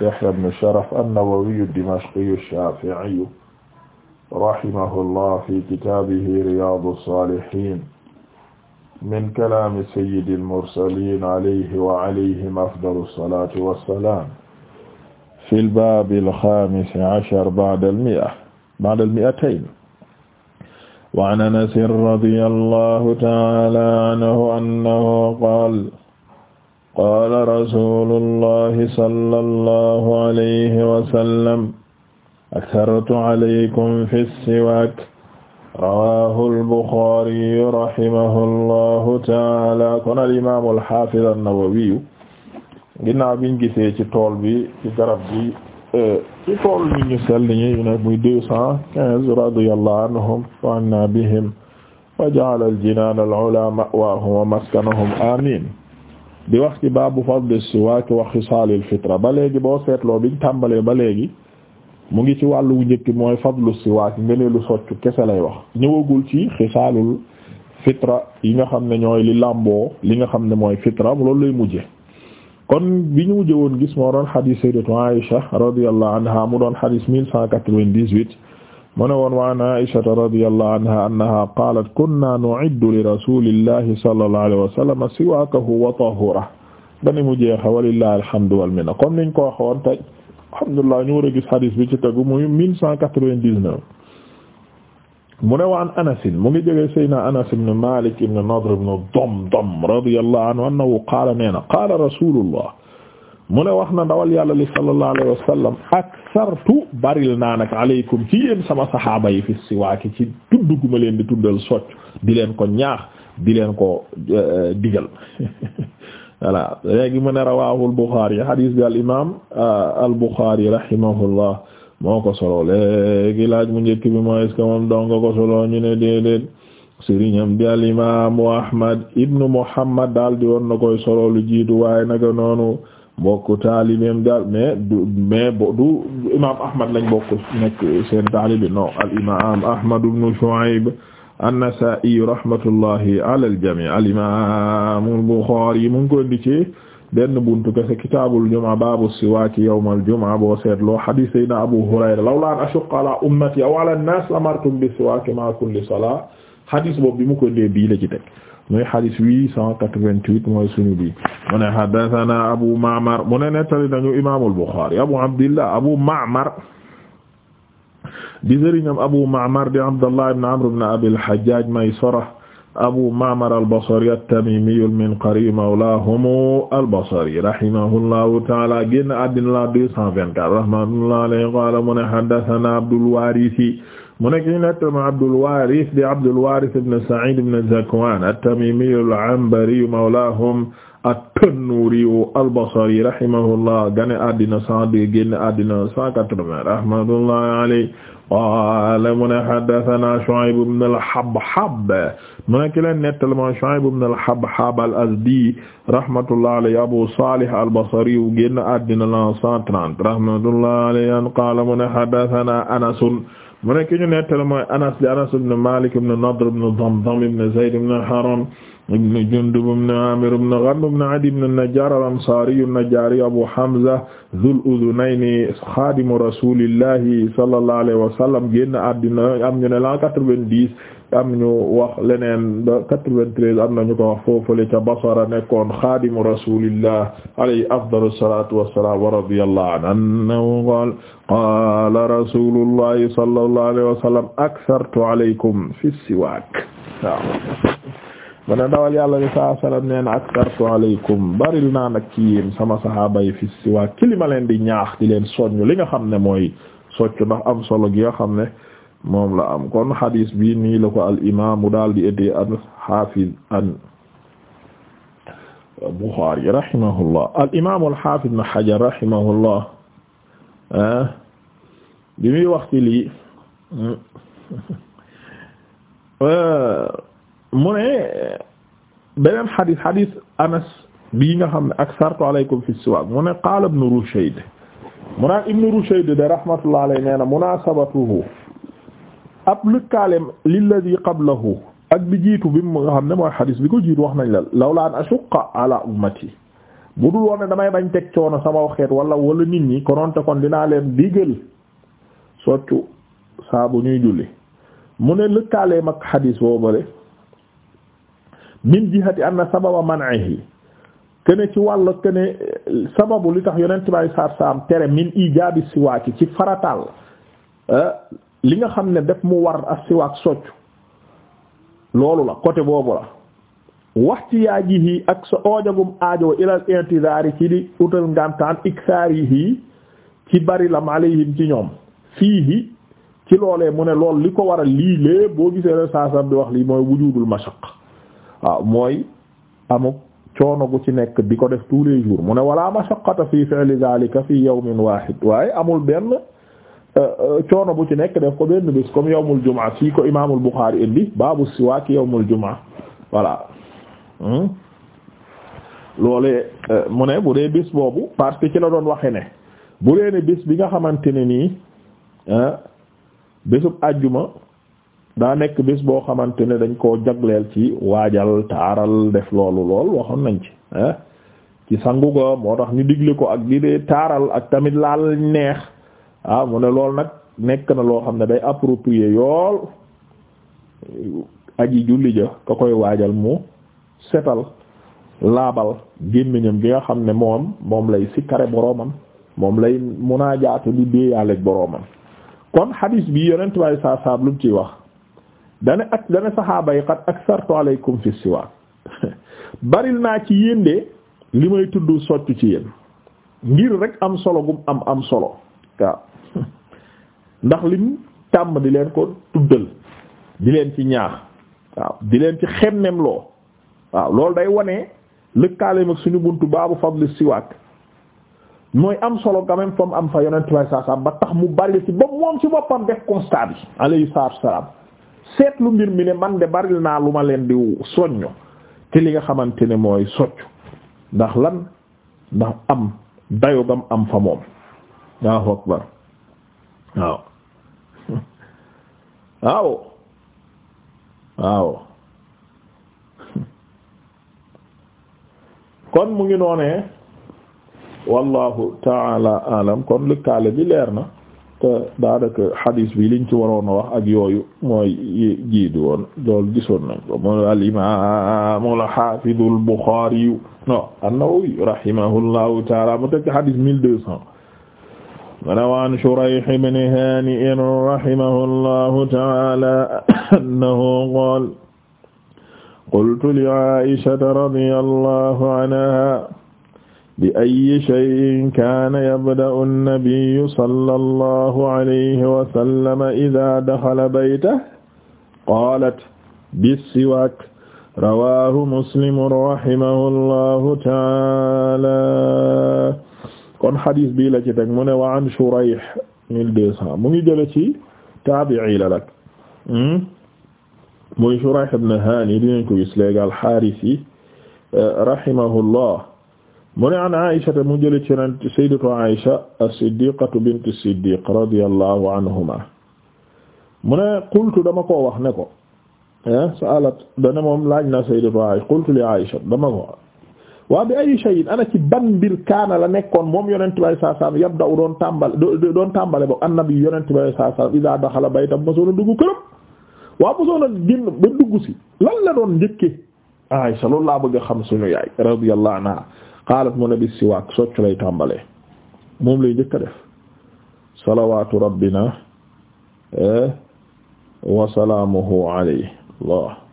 Yahya ibn Sharaf an-Nawawi ad-Dimashqi ash-Shafi'i rahimahullah fi kitaabihi Riyadu as-Salihin min kalaami sayyidi al-mursaliin alayhi wa alayhim afdalu as-salaatu was-salaam fi al-baab al-khaamis ashar ba'da al-mi'a ba'da al-mi'atayn wa 'an Anas radiyallahu ta'ala anhu annahu qaala qaala rasuulullahi sallallahu alayhi wa sallam akthartu alaykum fi siwaak rawaahu al-Buxaari rahimahullahu taala kon al-imaamu al-haafiz an-Nawawi ginnaaw biñ gisee ci tool bi ci garab bi euh, ci tool bi ñu sell ñi nag muy deux cent quinze radiyallahu anhum wa anna bihim wa ja'ala al-jinaan al-'ulaa ma'waahum wa maskanahum amiin di wax ci baabu fadl siwaak wa xisaalil fitra ba léegi boo seetloo biñ tàmbalee ba léegi mu ngi ci wàllu wu njëkk mooy fadlu siwaak ngëneelu soccu kese lay wax ñëwagul ci xisaalul fitra yi nga xam ne ñooy li làmboo li nga xam ne mooy fitra loolu lay mujje kon bi ñu mujje woon gis moo doon xadiis sayyidatu Aisha radiyallahu anha mu doon xadiis mille cent quatre-vingt-dix-huit mu ne woon wa an aishata radiyallahu anha annaha qaalat kunna nu'iddu li rasulillahi sallallahu alayhi wa sallam siwaakahu wa tahura bani mu jeexa walillahi alhamdu wal minna comme niñ ko waxoon tey alhamdulillah ñu war a gis hadis bi ci tegu muy mille cent quatre-vingt-dix-neuf mu ne wa an Anas mu ngi jógee Seydina Anas ibn Malik ibn Nadr ibn Damdam radiyallahu anhu annahu qaala nee na qaala rasulullah mu ne wax na ndawal yàlla li sallallahu alayhi aksartu baril naa nag aleykum ci yéen sama saxaaba yi fi siwaaki ci tudd gu ma leen di tuddal socc di leen ko ñaax di leen ko euh, digal voilà léegi mu ne rawahu al Bukhari hadis bi al imam al Bukhari moo ko solo léegi laaj mu njëkk bi mooy est moom dong ko solo ñu ne déedéet sëriñam bi al Ahmad ibnu Muhammad daal di woon na koy solo lu jiitu waaye naka noonu bokk taalibeem daal mais du mais du imaam Ahmad lañ bokk nekk seen taalibi non al imaam Ahmad ibn Shu'ayb an-Nasaa'i rahmatullahi ala al-jamii' al imaam al-Buxaari mu ngi ko indi ci benn buntu kese kitaabul jumaa baabu siwaak yawmal jumaa boo seetloo hadiis sayyidinaa Abu Hurayra lawlaa an ashukka alaa ummatii aw alaa an-naas lamartum bi siwaak ma'a kulli salaa hadiis boobu bi mu ko dee bii la ci teg. muy hadis 888 mooy sunu bi mu ne haddathana Abu Ma'mar mu ne nettali nañu Imam al-Bukhari Abu Abdillah Abu Ma'mar di sëriñam Abu Ma'mar di Abdullah ibn Amr ibn Abi al-Hajjaj Maysara Abu Ma'mar al-Basri at-Tamimi al-Minqari mawlahum al-Basri rahimahullahu ta'ala génn àddina la 224 rahmatullahi alayhi qala mu ne haddathana Abdul Warisi mu nekk ñu nett ma Abdul Waaris di Abdul Waaris ibn Sa'iid ibn Zakwaan at-Tamiimiyu al-Anbariyu mawlaahum at-Tannuuriyu al-Basriyu rahimahullah gane addina cent deux génn addina cent quatre-vingts rahmatullahi alayhi qaala mu ne haddathanaa Shu'ayb ibn al-Habhab mu nekk leen nettal ma Shu'ayb ibn al-Habhab al-Azdi rahmatullahi alayhi Abu Saalih al-Basriyu génn addina la cent trente rahmatullahi alayhi qaala mu ne haddathanaa Anas mu nekk ñu nettali mooy Anas di Anas ibn Malik ibn Nadr ibn Damdam ibn Zayd ibn Haram ibn Jundub ibn Amir ibn Ghanm ibn Adi ibn Najjar al-Ansari an-Najjari Abu Hamza Dhul Udhunayni khadimu rasulillahi sallallahu alayhi wa sallam génn àddina am ñu ne la 90 am ñu wax leneen ba 93 am nañu ko wax foofale ca Basra nekkoon xaadimu rasulillah alayhi afdalu salatu wassalam wa radiyallahu anhu annahu qaala qaala rasulullahi sallallahu alayhi wa sallam akthartu alaykum fi siwaak waaw man a dawal yàlla li saa sallam nee na akthartu alaykum baril naa nag ci yéen sama sahaaba yi fi siwaak ci li ma leen di ñaax di leen soññ li nga xam ne mooy soccu ndax am solo gi nga xam ne moom la am kon hadis bi nii la ko al imam mu daal di indi al hafiz an Bukhari rahimahullah al imam al hafiz ibn Hajar rahimahullah ah, bi muy wax ci lii ah, mu ne beneen hadis hadis Anas bii nga xam ne aksartu alaykum fi siwaak mu ne qaala ibn Rushayd mu ne ibn Rushayd de rahmatullah alayhi nee na munasabatuhu ab lëkkaaleem lilladi qablahu ak bi jiitu bi mu nga xam ne mooy xadis bi ko jiitu wax nañ la lawla an ashuqqa ala ummati bu dul woon ne damay bañ teg coono sama xeet wala wala nit ñi kononte kon dinaa leen digal soccu saa ñuy julli mu ne lëkkaaleem ak xadis boobale min jihati anna sababa man'ihi kene ci wàll kene sababu li tax yonent bay saar saam tere min ijaabi siwaaki ci farataal eh, li nga xam ne def mu war ak siwaak socc loolu la côté boobu la wax ci yaajihi ak sa oojagum aajo ilal intizaari ci di utal ngantaan iksaarihi ci bari lam alayhim ci ñoom fii fiihi ci loolee mu ne lool li ko waral lii lépp boo gisee la bi wax lii mooy wujudul mashaq waaw mooy amuk coono gu ci nekk di ko def tous les jours mu ne wala mashaqqata fi fi'li zalika fi yawmin wahid waaye amul benn coono bu ci nekk def ko benn bis comme yawmul jumaa fii ko imaamul Buxaari indi baabu siwaak yawmul jumaa voilà hmm? loolee euh, mu ne bu dee bis boobu parce que ci la doon waxe ne bu dee ne bis bi nga xamante ne nii bésub àjjuma daa nekk bis boo xamante ne dañ koo jagleel ci waajal taaral def loolu lool waxoon nañ ci ci sangu ga moo tax ñu digle ko ak di dee taaral ak tamit laal neex ah mu ne loolu nag nekk na loo xam ne day approprier yool aji julli ja ka koy waajal mu setal laabal gémmiñam bi nga xam ne moom moom lay sikkare boroomam moom lay munaajaatu di yàlla boroomam kon hadis bi yonent waaye saa saab lu ciy wax dane ak dane saxaaba yi qad aksartu alaykum fi siwaak baril naa ci yéen li may tudd soccu ci yéen ngir rek am solo gum am am solo waaw ndax lim tàmm di leen ko tuddal di leen ci ñaax waaw di leen ci xemmem loo waaw loolu day wane lëkkaaleem ak suñu buntu baabu fadli siwaak mooy am solo quand fa mu am fa yonent way saa saam ba tax mu bari ci ba moom ci boppam def constat bi alayhi salaatu wassalaam seetlu mbir mi ne man de bari naa lu ma leen di soñño te li nga xamante ne mooy soccu ndax lan ndax am dayo gam am fa moom Allahu akbar waaw waaw waaw kon mu ngi noonee wallahu taala alam kon lëkkaale bi leer na te daanaka xadiis bi liñ ci waroon a wax ak yooyu mooy jiitu woon loolu gisoon nañ ko mu al imaamu al xaafidu al Buxaari no an-Nawawi rahimahullahu taala mu tekk xadiis mille mana waan Shurayh ibn Haani' rahimahullahu ta'ala annahu qaala qultu li Aa'ishata radiyallahu anhaa bi ayyi shay'in kaana yabda'u an-nabiyyu sallallahu alayhi wa sallam idhaa dakhala baytahu qaalat bis-siwaak rawaahu Muslim rahimahullahu ta'ala kon hadis bii la ci teg mu ne wa an Shurayh mille mu ngi jële ci taabi'i la lak hmm? muy Shurayh ibn Hani dinañ ko gis léegi al-Harisi eh, rahimahullah mu ne an Aisha mu jële ci ren sayyidatu Aisha as-Siddiqatu bint as-Siddiq radiyallahu anhuma mu ne qultu dama ko wax ne ko eh, sa'alat dana moom laaj na sayyidatu Aisha qultu li Aisha dama ko waa bi ay shay'in ana ci ban mbir la nekkoon moom yonent bi sallallahu alayhi wasallam doon tàmbale doon tàmbale ba annabi yonent bi sallallahu alayhi wasallam idaa daxala baytam mosoon a dugg këram waaw mosoon a génn ba dugg si lan doon njëkke Aysa loolu laa bëgg xam suñu yaay radiyallahu anha qaalat mu ne bi siwaak soccu lay tàmbalee moom lay njëkk a def salawaatu rabbina eh, wa salaamuhu Allah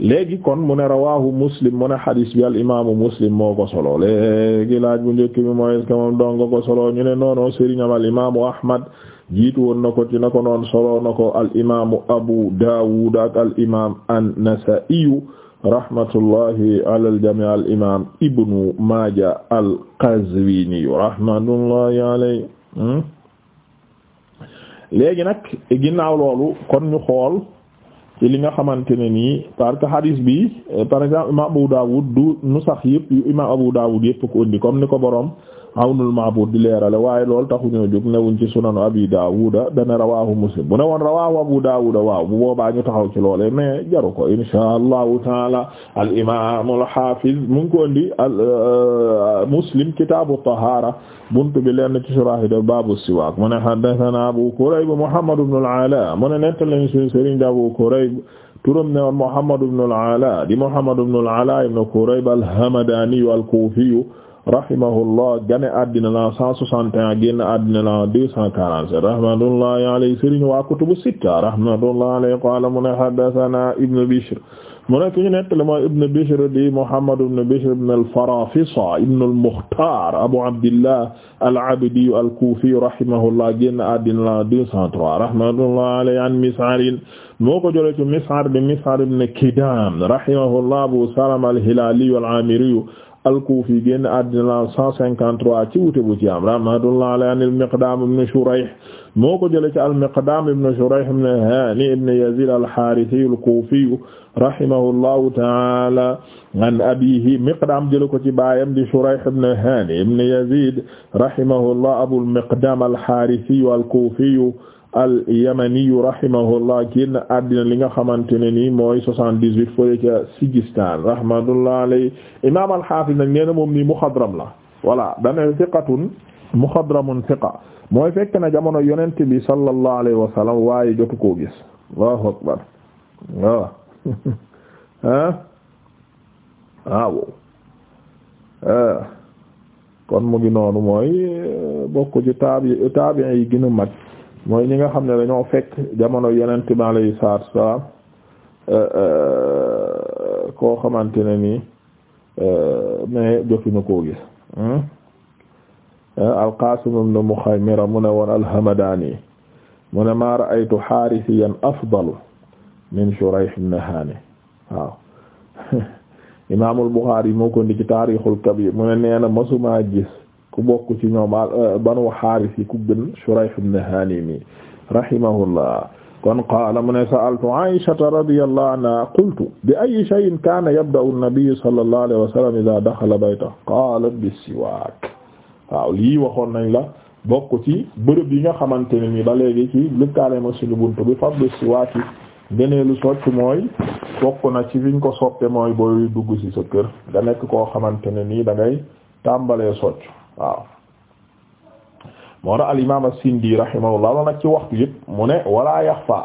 léegi kon mu ne rawahu muslim mu ne xadis bi al imaamu muslim moo ko solo léegi laaj bu njëkk bi mooy est-ce ko solo ñu ne noono sëriñam al imaamu ahmad jiitu woon ko ci ko noon solo na ko al imaamu abu daawud al imaam al jamii rahmatullahi alayhi hmm? léegi nag ginnaaw loolu kon ñu xool ci li nga xamante ne nii parce que hadis bi par exemple imam Abu Dawud du nu sax yëpp yu imam Abu Dawud yëpp ku indi comme ni ko borom awnul ma'bud di leerale waaye loolu taxuñoo jóg newuñ ci sunanu abi daawuda dana rawahu muslim bu ne woon rawahu abu daawuda waaw bu boobaa ñu taxaw ci loole mais jaru ko insha allahu taala al imam al hafiz mu ngi ko al euh, tahaara buntu bi lenn ci surah de baabu siwaak mu ne haddathana abu kurayb muhammad ibn al di muhammad ibn al ala di muhammad ibn rahimahullah gane addina la 161 génn addina la 247 rahmatullahi alayhi sëriñ wa kutubu sitta rahmatullahi alayhi qala mu ne haddathana ibn Bishr mu ne ki ñu nettali mooy ibn Bishr di Muhammad ibn Bishr ibn al-Farafisa ibn al-Mukhtar Abu Abdillah al-Abdi al-Kufi rahimahullah génn addina la 203 rahmatullahi alayhi an Mis'ar moo ko jëlee ci Mis'ar di Mis'ar ibn Kidam rahimahullah Abu Salama al-Hilali al-Amiri al-Kufi génn àddina la 153 ci wute bu ci am rahmatullah alayhi an al-Miqdam ibn Shurayh moo ko jëlee ci al-Miqdam ibn Shurayh ibn Hani ibn Yazid al-Harithi al-Kufi rahimahullahu ta'ala an abihi Miqdam jëlee ko ci baayam di Shurayh ibn Hani ibn Yazid rahimahullah Abu al-Miqdam al-Harithi al-Kufi al yamaniyu rahimahullah li nga xamante ne nii mooy soixante-dix-huit fële ca Sigistaan rahmatullah alay imaam al-Hafiz nag nee na moom nii muxadram la voilà dana thiqatun muxadramun thiqa mooy fekk na jamono yonent bi sallallahu alayhi wa sallam waaye jotu koo gis Allahu akbar waaw ah waaw kon mu ngi noonu mooy bokk ci taabi taabi yi gën mooy ñi nga xam ne dañoo fekk jamono yonent bi alayhi salaatu wa salaam euh, euh, koo xamante ne nii euh, mais jotuñu koo gis hmm? al-Qaasim ibn Mukhaymira mu ne woon al-Hamdaani mu ne maa ra'aytu haarisiyan afdalu min Shurayh ibn waaw imaamul Buxaari moo ko ndi ci Taariixul Kabiir mu ne nee na masumaa gis ku bokk ci ñoom euh, banu xaaris yi ku gën Shurayh ibn Hanimi kon qaala mu ne sa'altu Aysata radiyallahu anha qultu bi ayyi shay'in kaan yabda'u an-nabiyyu sallallahu alayhi wa sallam idhaa dakhala baytahu qaalat bis-siwaak waaw lii waxoon nañ la bokk ci bërëb yi nga xamante ne nii ba léegi ci lëkkaale ma suñu buntu bi fadlu siwaak yi gëneelu socc mooy bokk na ci fiñ ko soppe mooy booy dugg ci sa nekk koo xamante ne nii da ngay tàmbalee waaw moo na al imaam as-Sindi rahimahullah la nag ci waxtu yëpp mu ne wala yaxfa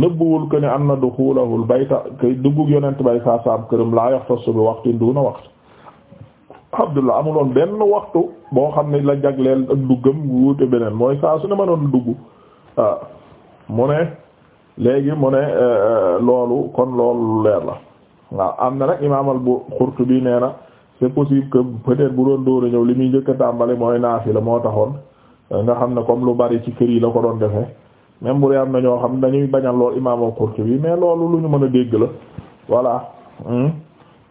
nëbbuwul ko ne am na duxulahu al-bayta kay duggug yonent bay saa saam këram laa yaxtassu bi waqtin duuna waqt Abdullah amuloon benn waxtu boo xam ne la jagleel ak duggam wuute beneen mooy saa su ne mënoon dugg waaw ah, mu ne léegi mu ne eh, eh, loolu kon lool leer la waaw am na nag imaam al-Qurtubi nee na c'est possible que peut bu doon dóor a ñëw li muy njëkk a tàmbali mooy naafila moo taxoon nga xam ne comme lu bari ci kër yi la ko doon defee même bu dee am na ñoo xam ne dañuy bañal lool imaam yi mais loolu lu ñu mën a dégg la voilà hmm.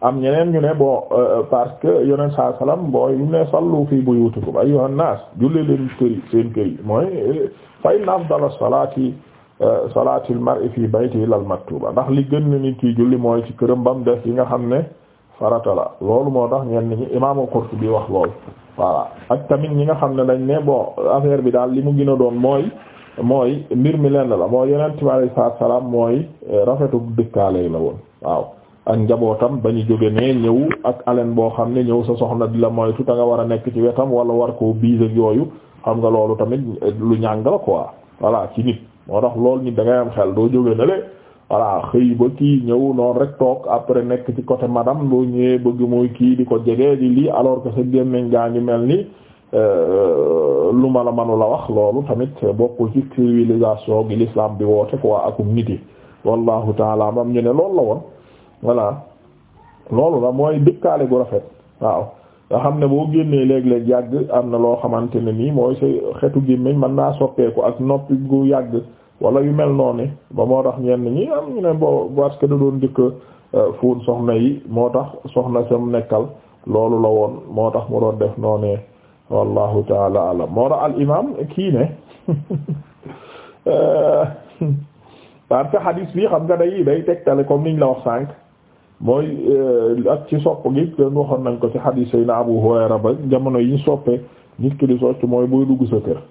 am ñeneen ñu ne bon euh, parce que yoneen saa salaam booy yu ne sallu fii buyutikum ayyuhan naas julli leen kër yi seen kër yi mooy euh, fa inna afdala salaati euh, salaatil mar'i fii baytihi illal maktuba ndax li gën nit ki julli mooy ci këram bam def yi nga xam ne. farata la loolu moo tax ñenn ñi imaamu Qurtubi wax loolu waaw ak tamit ñi nga xam ne dañ ne boo affaire bi daal li mu gën a doon mooy mooy mbir mi lenn la mooy yonent bi alayhi salaatu wa salaam mooy eh, rafetu dëkkaale woon waaw ak njabootam ba ñu ne ñëw ak alen boo xam ne ñëw sa soxna di la moytu ta nga war a nekk ci wetam wala war koo biis ak yooyu xam nga loolu tamit lu ñàng la quoi voilà ci nit moo tax lool nit da ngay am xel doo jóge na le voilà xëy ba kii ñëw noonu rek toog après nekk ci côté madame boo ñëwee bëgg mooy kii di ko jege di lii alors que sa gémmiñ gaa ngi mel ni euh, lu ma la mënula wax loolu tamit bokkul ci civilisation gi l'islam bi woote quoi akum niti wallahu taala mam ñu ne loolu la woon voilà loolu la mooy dëkkaale gu rafet waaw nga xam ne boo génnee léeg-léeg yàgg am na loo xamante ne nii mooy sa xetu gémmiñ mën naa soppeeku ak noppi gu yàgg wala yu mel noonu ba moo tax ñenn ñi am ñu ne bo parce da doon njëkk euh, fóon soxna yi moo tax soxna sam nekkal loolu la woon moo tax mu doon def noonu wallahu taala alam moo tax al imam kii ne euh, parce que hadis bi xam nga day day tegtale comme niñ la wax sànq mooy euh, ak ci sopp gi doon waxoon nañ ko ci hadis yi na Abu Hurayra ba jamono yi ñu soppee nit ki di socc mooy booy dugg sa kër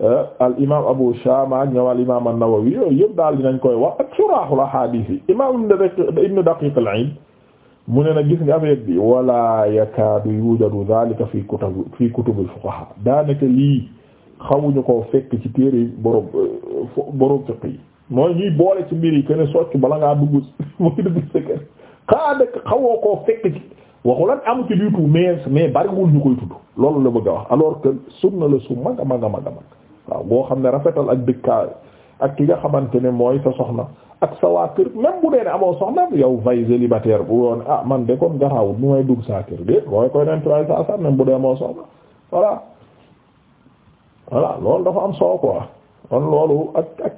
Eh, al imaam Abu Shama ak ñoom al imaam an-Nawawi yooyu yëpp daal dinañ koy wax ak surahul ahadith yi imaam ibn Daqiq al mu ne nag gis nga bi wala yakaadu yujadu dhalika fi kutub fi xamuñu ko fekk ci téere borom eh, borom fiqh yi mooy ñuy boole kër mais bariwul ñu loolu la bëgg a alors que sunna la su mag a mag a mag. waaw boo xam ne rafetal ak dëkkaa ak ki nga xamante ne mooy sa soxna ak sa waa kër même bu dee ne amoo soxna yow fay célibataire bu woon ah man de kon garawul nu may dugg saa kër de mooy koy neen tuwaay saa sax même bu dee amoo soxna am soo quoi ak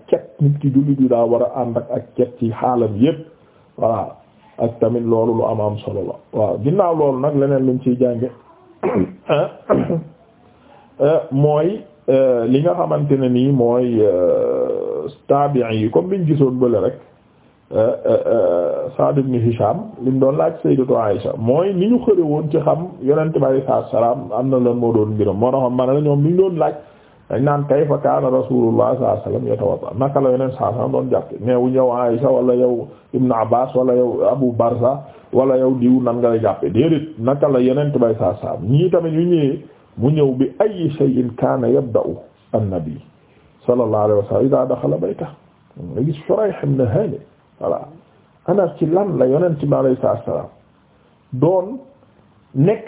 ki jullit yi daa war ak ak cet ci ak tamit loolu lu am am solo la waaw ginnaaw loolu nag leneen luñ ciy jànge ah, eh, mooy Euh, li nga xamante ne nii mooy euh, tabi'i yi comme liñ gisoon bële rek euh, Sa'd ibn Hisham li mu doon laaj Sayyidatu Aisha mooy ni ñu xëre woon ci xam yonent bi alayhi salaam am na lan moo doon mbiram moo taxoon ma ne la ñoom li ñu doon laaj dañ naan kayfa kaana Rasulullah sallallahu alayhi wasallam yatawadda naka la yonent saa sallam doon jàppe neewuñ yow Aisha wala yow Ibn Abbas wala yow Abu Barza wala yow diw nan nga lay jàppe déedéet naka la yonent bi sa salaam ñii mu ñëw bi ay shay'in kaana yabda'u an-nabi sallallahu alayhi wa sallam idaa daxala bayta nga gis Shurayh ibn Hani voilà ana ci lan la yonent bi alayhi salaam doon nekk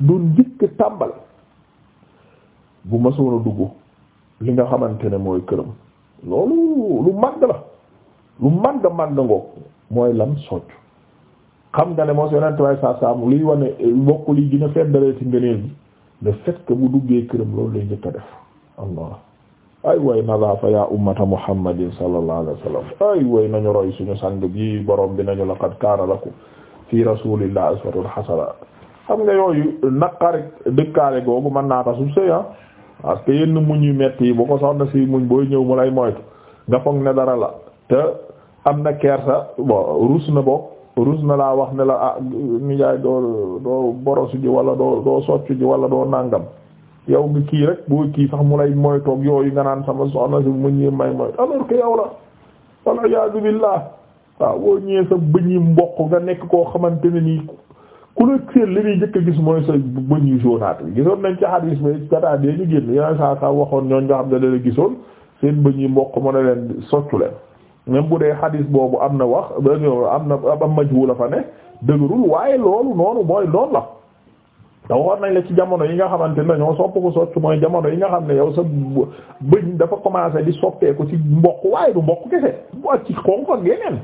doon njëkk tàmbal bu masoon a dugg li nga xamante ne mooy këram loolu lu màgg la lu màgg màgg ngoog mooy lan soccu xam nga ne moo si yonent bi alayhi salaam liy wane bokk li gën a feddalee ci le fait bu duggee këram loolu lay njëkk a def allah ay way nadafa ya ummata muhammadin sallallahu alayhi ay way nañu roy suñu sang bi borom bi nañu laqad kaana lakum fi rasulillahi uswatun hasana xam nga yooyu naqari dëkkaale googu man naa tasum sëy ah parce yenn muñ yu metti yi bu ko soxna si muñ booy ñëw mu lay moytu nga foog ne dara la te am na kersa bon rus na bokk rus na laa wax ne la ah nijaay doo doo borosu ji wala doo doo soccu ji wala doo nàngam yow nga kii rek boo kii sax mu lay mooy toog yooyu nga naan sama soxna si mu ñëw may mooy alors que yow la wal iyaadu billah waaw boo ñëwee sa bëñ yi mboq nga nekk koo xamante ne nii ku la séen li ñuy a gis mooy sa bëñ yu joonaat bi gisoon nañ ci xadiis ba gataat yee ñu génn yeneen saa saa waxoon ñooñ nga xam ne leen gisoon seen bëñ yi mboq mu ne leen soccu même bu dee xadis boobu am na wax am na am majhul fa ne dëgërul waaye loolu noonu mooy loolu la te war nañ la ci jamono yi nga xamante ne ñoo sopp ko socc mooy jamono yi nga xam ne yow sa bëñ dafa commencé di soppeeku ci mboq waaye du mboq kese bu ak ci xonq ak yeneen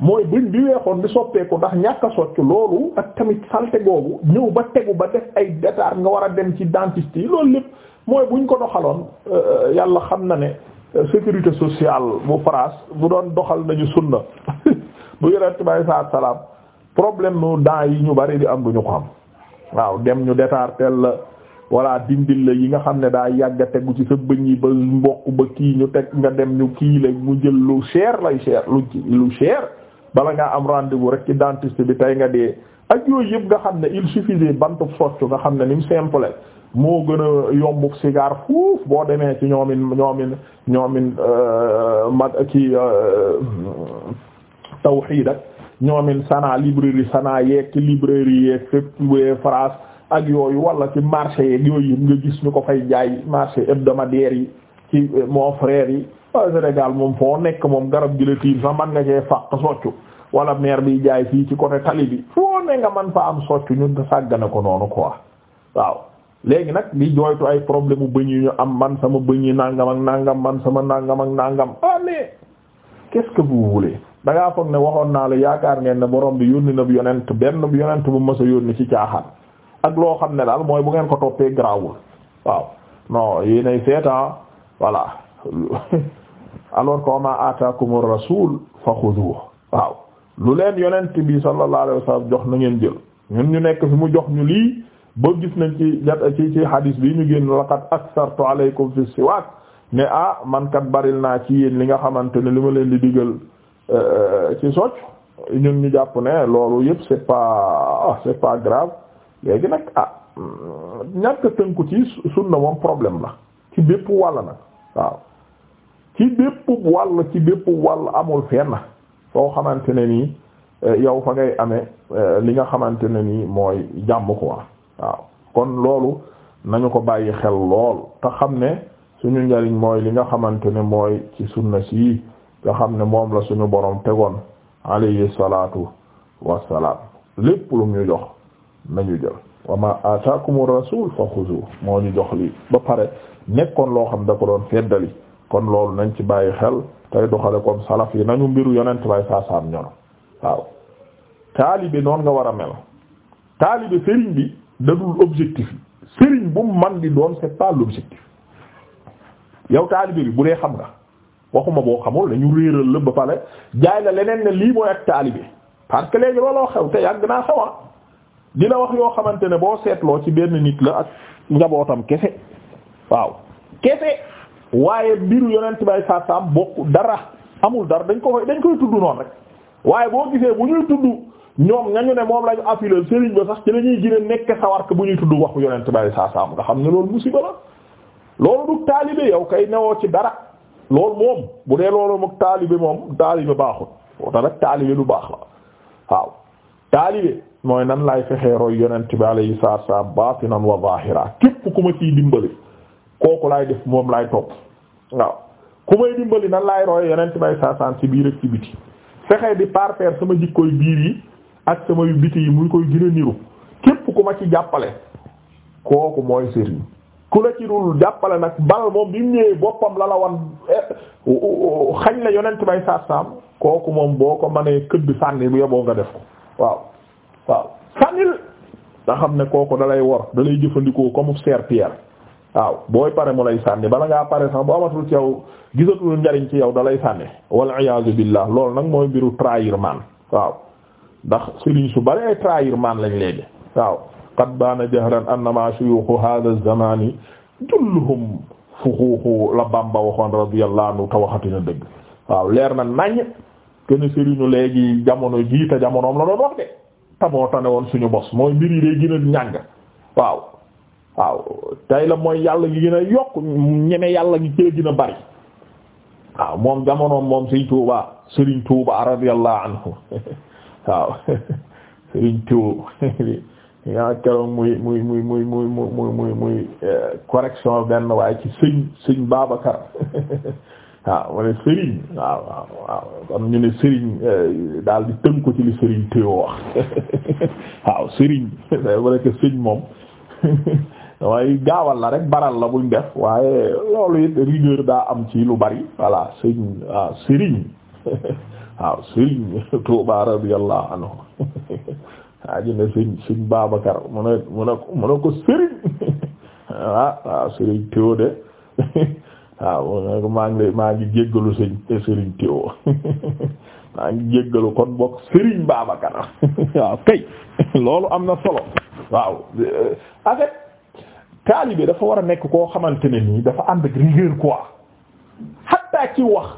mooy bëñ bi weexoon di soppeeku ndax ñàkk a socc loolu ak tamit salte googu ñëw ba tegu ba def ay détaar nga war a dem ci dentiste yi loolu lépp mooy buñ ko doxaloon euh, yàlla xam na ne Euh, sécurité sociale bu France bu doon doxal nañu sunna bu yonent bi saa salaam problème nu dents yi ñu bari di am du ñu ko am waaw dem ñu detaar teel la walla dindil la yi nga xam ne daa yàgg a tegu ci sa bëñ yi ba mbokk ba kii ñu teg nga dem ñu kii la mu jël lu cher lay cher lu lu cher bala ngaa am rendez bu rek ci dentiste bi tey nga dee ak yooyu yëpp nga xam ne il suffisait bantu soccu nga xam ne ni mu simple moo gën a yombu cigare fuuf boo demee ci ñoomin ñoomin ñoomin euh, ma ci euh, tawxiid ak ñoomin Sana librairie Sana yeeg ci librairie yeeg fépp France ak yooyu wala ci marché yeeg yooyu yëpp nga gis ñu ko fay jaay marché hebdomadaire yi ci euh, mon yi. waaw Sénégal moom foo nekk moom garab gi la tiim sax mën nga cee fàq soccu. wala maire bi jaay fii ci côté tali bi foo ne nga man fa am soccu ñu sàggane ko noonu ko waaw léegi nag di jooytu ay problème u bëñ yu ñu am man sama bëñ yi nàngam ak nàngam man sama nàngam ak nàngam allez ah, qu'est-ce que vous voulez da foog ne waxoon naa la yaakaar ngeen ne borom bi yónni na bu benn bu yonent bu mës a yónni ci caaxaan ak loo xam ne daal mooy bu ngeen ko toppee grawul waaw non yéenay seetaan ah, voilà alors que ma ataakumur rasul faxuduhu waaw lu leen yonent bi sallallahu alayhi jox na ngeen jël ñun ñu nekk fi mu jox ñu lii boo gis nañ ci jat ci ci bi ñu génn laqad aksartu alaykum fi siwaak ne ah man kat baril naa ci yéen li nga xamante ne li ma leen di digal euh, euh, ci socc ñun ñu jàpp ne loolu yëpp c'est pas c'est pas grave léegi nag ah ñàkk tënku ci na moom problème la ci bépp wàll nag waaw ci bépp wàll ci bépp wàll amul fenn foo xamante ne nii eh, yow fa ngay amee eh, li nga xamante ne nii mooy jàmm quoi waaw kon loolu nañu ko bàyyi xel lool te xam ne suñu njariñ mooy li nga xamante ne mooy ci sunna si nga xam ne moom la suñu borom tegoon alayhi salaatu wassalaam lépp lu ñu jox nañu jël wa ma ataakumu rasul fa xuzu moo ñu jox lii ba pare nekkoon loo xam da ko doon feddali kon loolu nañ ci bàyyi xel tey doxale comme salaf yi nañu mbiru yonent bay saasaam ñor waaw taalibe noonu nga war a mel taalibe sëriñ bi dadul objectif sëriñ bu man di doon c'est pas l'objectif yow taalibe bi bu dee xam nga waxuma boo xamul dañu réeral la ba pare jaay la leneen ne lii mooy ak taalibe parce que léegi looloo xew te yàgg naa xew ah la wax yoo xamante ne boo seetloo ci benn nit la ak njabootam kese waaw kese waaye mbiru yonent bay saa saam bokku dara amul dara dañ ko dañ koy tudd noonu rek waaye boo gisee bu ñuy tudd ñoom ñañu ne moom lañu affilé Serigne ba sax ci la ñuy gën nekk sawar bu ñuy tudd waxu yonent bay saa saam nga xam ne loolu musiba la loolu du taalibe yow kay newoo ci dara loolu moom bu dee loolu moom taalibe moom taalibe baaxul wota nag taalibe lu baax la waaw taalibe mooy nan laay fexee roy yonent bi alayhi salaatu wa salaam baatinan wa zaahira képp ku ma ciy dimbali kooku laay def moom laay topp waaw ku may dimbali nan laay roy yeneen ci may saasaan ci biir ak ci biti fexe di parfaire sama jikkoy biir yi ak samay biti yi muy koy gën a képp ku ma ci jàppale kooku mooy sëriñ la ci dul jàppale nag bal moom bi boppam la la wan eh, xañ la yonent bay saasam kooku moom boo ko mënee këdd sànni bu yeboo nga def ko waaw sànnil nga xam ne kooku dalay wor dalay jëfandikoo comme serpillère waaw booy pare mu lay sànni bala ngaa pare sax bu amatul ci yow gisatul njariñ ci yow dalay lay sànni wal iyaazu billah lool nag mooy mbiru trahir man waaw ndax sëriñ su bari ay trahir man lañ léegi waaw qad baana jahran annama shuyukhu hadha az-zamani julluhum fuxuuxu la Bamba waxoon radiyallahu anhu te waxatina dëgg waaw leer na nañ kenn sëriñu léegi jamono jiita jamonoom la doon wax de tamoo tane woon suñu bos mooy mbir yi day gën ñàng waaw waaw tey la mooy yàlla gi gën a yokk ñeme yàlla gi cee gën a bari waaw moom jamonoom moom Sëriñ Tuuba Sëriñ Tuuba radiyallahu anhu waaw Sëriñ Tuuba yaa keroog muy muy muy muy muy muy muy muy eh, correction benn waaye ci sëñ sëñ Babacar waaw mu ne sëriñ waaw waaw waaw kon ñu ne sëriñ eh, daal di tënk ko ci li sëriñ Tuuba wax waaw sëriñ c'est vrai sëñ moom waaye gaawal la rek baral la buñ def waaye loolu it rigueur daa am ci lu bari voilà sëñ ah, waaw Serigne waaw Serigne anhu waaw maa ngi maa ngi jéggalu sëñ eh, Serigne Théo maa ngi jéggalu kon bokk Serigne Babacar waaw kay loolu am na solo waaw eh, eh, avec taalibe dafa war a nekk koo xamante ne nii dafa ànd ak rigueur quoi hatta ci wax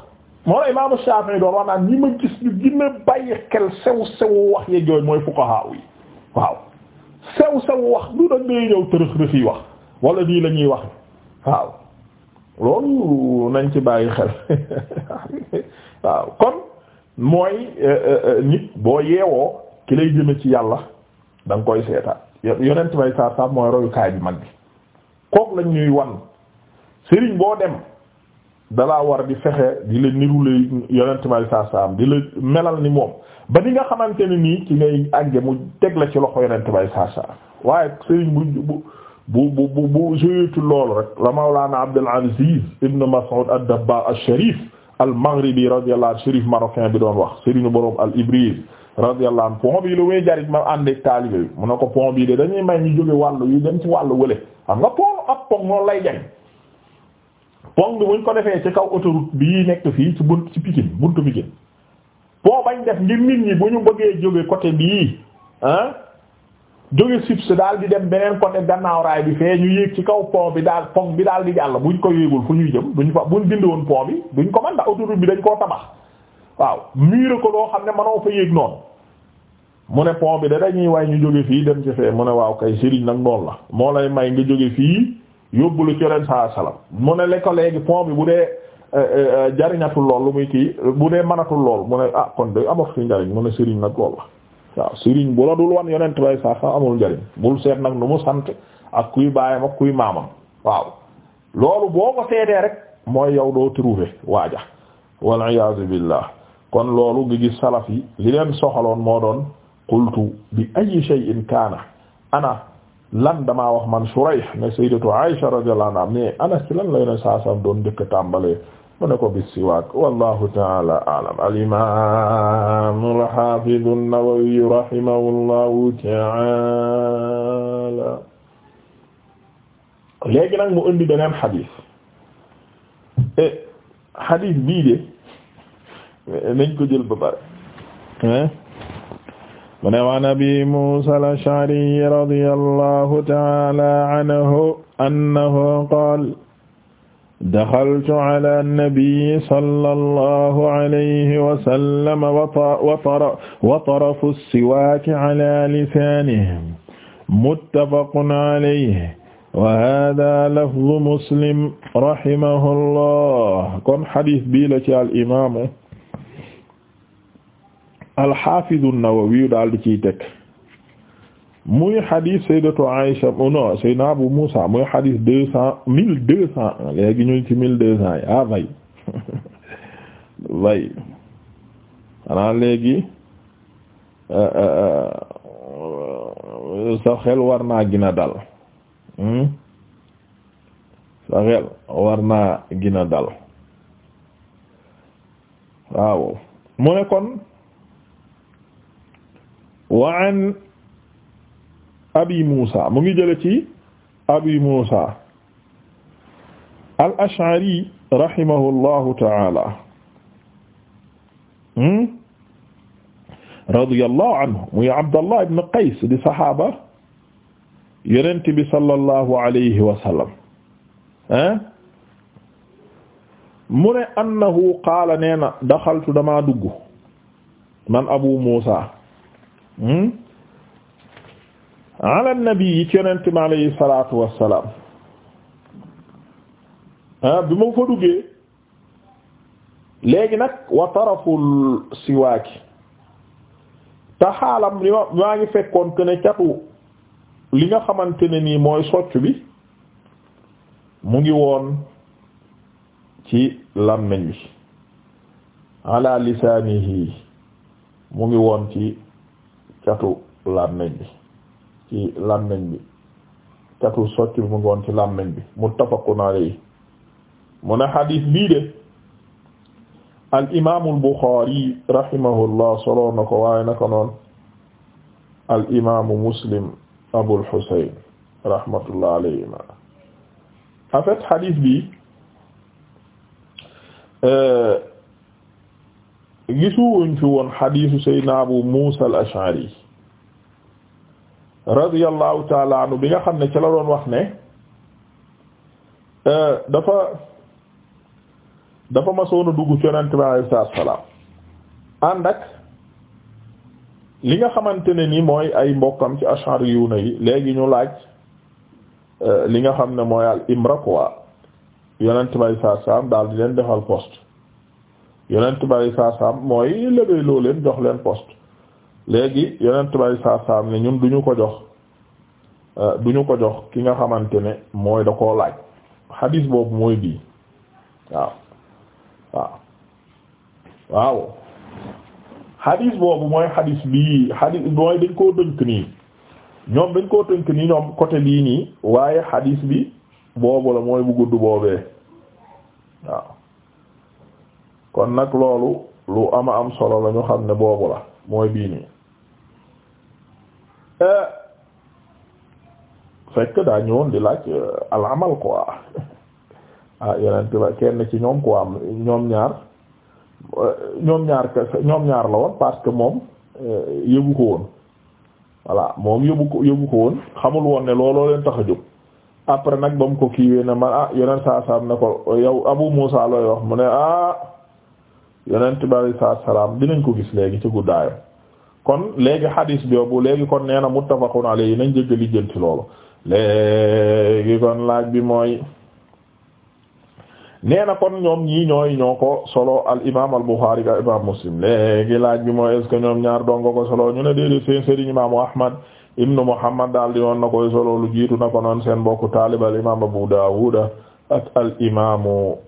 moo la imaamu Shafi'i doon wax naan ñi ma gis ñu gëna bàyyi xel sew sew wax ya jooy mooy fuqaha yi waaw sew sew wax du da ngay ñëw tërëx rëfi wax wala nii lañuy wax waaw loolu nañ ci bàyyi xel waaw kon mooy eh, eh, eh, nit boo yeewoo ki lay jëme ci yàlla da nga koy seetaan yonent bay saar saab mooy royukaay bi mag bi kook lañ ñuy wan sëriñ boo dem dalaa war di fexe di la nirule yonent may saa saam di la melal ni moom ba ni nga xamante ni nii ci ngay àgge mu teg la ci loxo yonent may saa saam waaye sëriñ bu bu bu bu bu bu joyetu loolu rek la mawlaana Abdul Aziz ibn Mas'ud ad-Dabba al-Sharif al-Maghribi radiyallahu anhu Sharif marocain bi doon wax sëriñu boroom al-Ibriz radiyallahu anhu pont bii la wéy jarit ma ànd ak taalibe bi mu ne ko pont bii de dañuy may ñu jóge wàllu yu dem ci wàllu wële xam nga pont ab pont noonu lay jariñ pont bi buñ ko defee ci kaw autoroute bii nekk fii ci bunt ci Pikine buntu Pikine pont bañ def ngir ñi bu ñu bëggee jóge côté bii ah jóge daal di dem beneen côté gannaaw raay bi ñu yéeg ci kaw pont bi daal pont bi daal di jàll buñ ko yéegul fu ñuy jëm duñ fa buñ dindi woon pont bi duñ ko mën ndax bi dañ koo tabax waaw miire ko loo xam ne manoo fa yéeg noonu mu ne pont bi da dañuy way ñu jóge fii dem ci fee mu ne waaw kay sëriñ nag noonu la moo lay may ngi jóge fii yóbbu lu ci ren saa salaam mu ne la ko léegi bi bu dee euh, euh, euh, jariñatul lool lu muy kii bu dee mënatul lool mu ne ah kon de amoo fi njariñ mu ne sëriñ nag lool la waaw sëriñ bu la dul wan yonent bay saa amul njariñ bul seet nag nu mu sant ak kuy baayam ak kuy maamam waaw loolu boo ko seetee rek mooy yow doo trouver waaja kon loolu nga gis salaf yi li leen soxaloon moo doon qultu bi ayi kaana ana lan damaa wax man Shurayh ne sayyidatu Aisha radiyallahu anha mais ana ci lan lay ne saasam doon dëkk tàmbalee mu ne ko bis siwaak taala aalam al imam al hafiz taala léegi nag indi beneen xadis eh, xadis bii de nañ ko jël ba pare mu ne waan abi Muusaa al-Ash'ari radiyallahu ta'ala anhu annahu qaala daxaltu ala an-nabiyyi sallallahu alayhi wa sallam wa tarafu as-siwaaki ala lisaanihi muttafaqun alayhi wa hada lafdu Muslim rahimahullah kon xadis bi la ci al imaamu alxafidu nawawiyu daal di ciy teg muy xadis sayyidatu Aïsha oh non muy xadis deux cent léegi ñu ci mil deux cent yi ah, vay vay xanaa léegi euh, euh, euh, sa xel war naa a dal hmm? sa xel war naa dal waaw mu ne kon wa an abi Muusa mu ngi jële ci abi Muusa al-Ash'ari rahimahullahu ta'ala hmm, radiyallahu anhu muy Abdallah ibn Qays di saxaaba yonent bi sallallahu alayhi wa sallam mu ne annahu qaala nee na daxaltu damaa dugg man abu Muusa Hmm? ala nabi yi ci yonent mi alayhi salaatu wassalaam bi ma fa duggee léegi nag wa taraful siwaaki te xaalam li maa ngi fekkoon que ne catu li nga xamante ne nii mooy socc bi mu ngi woon ci làmmiñ bi ala lisaanihi mu ngi woon ci catu làmmiñ bi ci làmmiñ bi catu socc bi mu ngoon ci làmmiñ bi muttafaqun alayhi mu ne xadiis bii de al imaamul Buxaari rahimahullah solo na ko noon al imaamu Muslim Abul Husayn rahmatullah alayhima en fait bi euh, gisu wuñ fi woon xadiisu saydna abu muusa al ashari radiallahu taala anhu bi nga xam ne ci la doon wax ne euh, dafa dafa masoon a dugg ci yonent bi alayhi salaatu wa salaam ak li nga xamante ne ni mooy ay mbokkam ci ashari yu na yi léegi ñu laaj euh, li nga xam ne mooy al imra quoi yonent bi alayhi salaatu wa daal di leen defal poste yonent bari saa saam mooy lébéy loo leen jox leen poste léegi yonent bari saa saam ne ñun duñu ko jox euh, duñu ko jox ki nga xamante ne mooy da koo laaj xadiis boobu mooy bii waaw waaw waaw xadiis boobu mooy xadiis bii xadiis mooy dañ koo tënk nii ñoom dañ koo tënk nii ñoom côté bii nii waaye xadiis bi boobu la mooy bu gudd boobee waaw kon nag loolu lu ama am solo la ñu xam ne boobu la mooy bii nii eh, fekk daa ñëwoon di laaj eh, al amal quoi ah yeneen ba kenn ci ñoom quoi ñoom ñaar eh, ñoom ñaar ñoom ñaar la woon parce que moom yëgu ko woon voilà moom yëgu ko woon xamul woon ne looloo leen tax a jóg après nag ba mu ko kiiwee ne man ah yeneen saa saa ne ko yow Abu Muusa looy wax mu ne ah. yonent bi alay salaam dinañ ko gis léegi ci guddaayo kon léegi xadiis boobu léegi kon nee na muttafaqun alayhi nañ jëgg li jënti loolu léegi kon laaj bi mooy nee na kon ñoom ñii ñooy ñoo ko solo al imaam al Buxaari ka imaam Muslim léegi laaj bi mooy est-ce que ñoom ñaar dongo ko solo ñu ne déedéet seen sëriñ imaamu Ahmad ibnu Muhammad daal di woon na koy solo lu jiitu na ko noon seen mbokku taalib al imaam Abu Daawuda ak al imaamu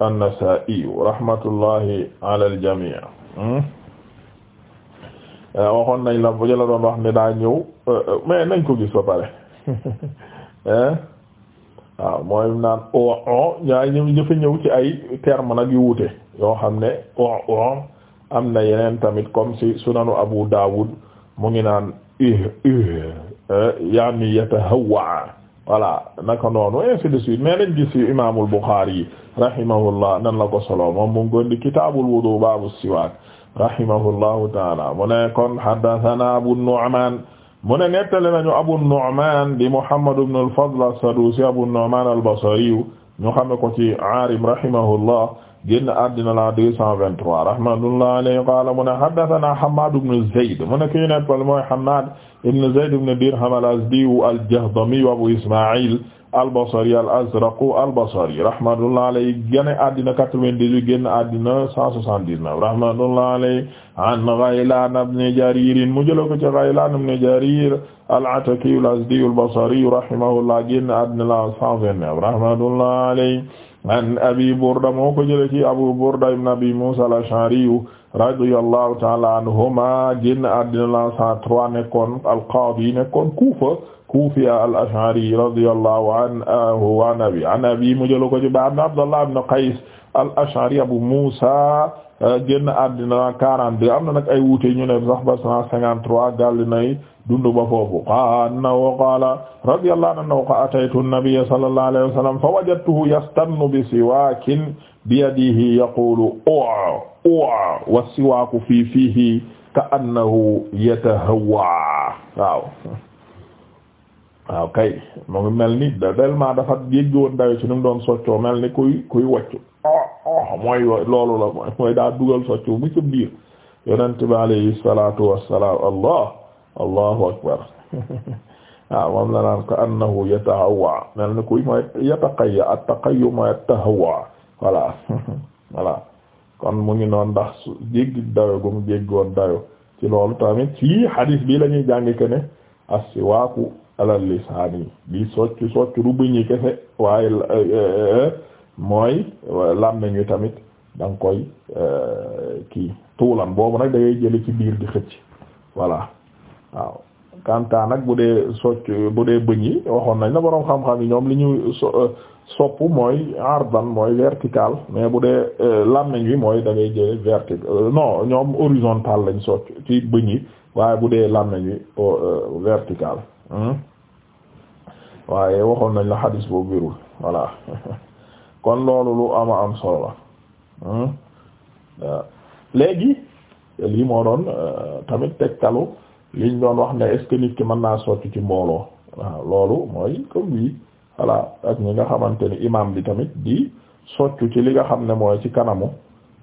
an-Nasaa'i rahmatullahi ala al hmm? eh, waxoon nañ la bu ñu la doon wax ne daa ñëw eh, eh, mais nañ ko gis ba pare waaw mooy naan o o ñaay ñu dafa ñëw ci ay terme nag yu wuute yoo xam ne o o am na yeneen tamit kom ci sunanu Abu Dawud mu ngi naan yani yatahawwa voilà naka noonu ainsi de suite mais lañ gis ci imaamul Bukhari rahimahullah nan la ko solo moom mu ngi koy indi kitaabul wudu baabu siwaak rahimahullahu taala mu ne kon haddathana Abu Nu'man mu ne nettali nañu Abu Nu'man di Muhammad ibn al-Fadl as-Sadusi Abu Nu'man al-Basri ñu xame ko ci Aarim rahimahullah génn àddina la 223 rahmatullahi alayhi qala mu ne haddathana Hammad ibn Zayd mu ne ki nettali mooy Hammad ibn Zayd ibn Dirham al-Azdi al-Jahdami Abu Isma'il al-Basri al-Azraq al-Basri rahmatullahi alayhi génn àddina 98 génn àddina 179 rahmatullahi alayhi an Ghaylan ibn Jarir mu jël ko ci Ghaylan ibn Jarir al-Ataki al-Azdi al-Basri rahimahullah génn àddina 129 rahmatullahi alayhi an abi Burda moo ko jëlee ci abu Burda ibn abi Musa al-Ash'ari radiyallahu ta'ala anhuma génn àddina la cent trois nekkoon al-qaadi nekkoon Kufa kufi al-Ash'ari radiyallahu anhu an abi an abi mu jëlee ko ci ba Abdallah ibn Qays al-Ash'ari abu Musa Euh, génn àddina 42 am na nag ay wuute ñu ne sax ba 153 dalli nay dundu foofu annahu qaala radiyallahu anhu qaala ataytu an-nabiyya sallallahu alayhi wa sallam fa wajadtuhu yastannu bi siwaakin bi yaqulu uwa uwa wa siwaaku fii fiihi ka annahu yatahawwa mel ni da tellement dafa yéggi woon dayo ci nu mu doon mel ni kuy kuy waccu oh mooy loolu la mooy mooy daa dugal soccu mu ci biir yonent bi allah akbar waaw ah, moom la naan ka annahu yatahawwa mel ni kuy mooy yataqayya at-taqayyu mooy at-tahawwa voilà kon mu ngi noon ndax jéggi dayo gu mu jéggoon dayo ci loolu tamit ci hadis bi lañuy ñuy jàng ke siwaaku alal lisaani bi soccu soccu du yi kese waaye eh, eh, eh, mooy euh, làmmiñ wi tamit da nga koy euh, kii tuulan boobu nag da ngay jële ci biir di xëcc voilà waaw kanta nag bu dee socc bu dee bëñ yi waxoon nañ la boroom xam-xam yi ñoom li ñuy so euh, sopp mooy ardan mooy vertical mais bu dee làmmiñ wi mooy da ngay jële vertical non ñoom horizontal lañ socc ci bëñ yi waaye bu dee làmmiñ wi vertical hmm? waaye waxoon nañ la xadis boobu wérul voilà kon loolu lu ama am solo la hmm? léegi lii moo doon euh, tamit tegtalu liñ doon wax ne est ki mën naa sotti ci mbooloo waaw loolu mooy comme bii voilà ak ñi nga xamante ni imam bi tamit di soccu ci li nga xam ne mooy ci kanamu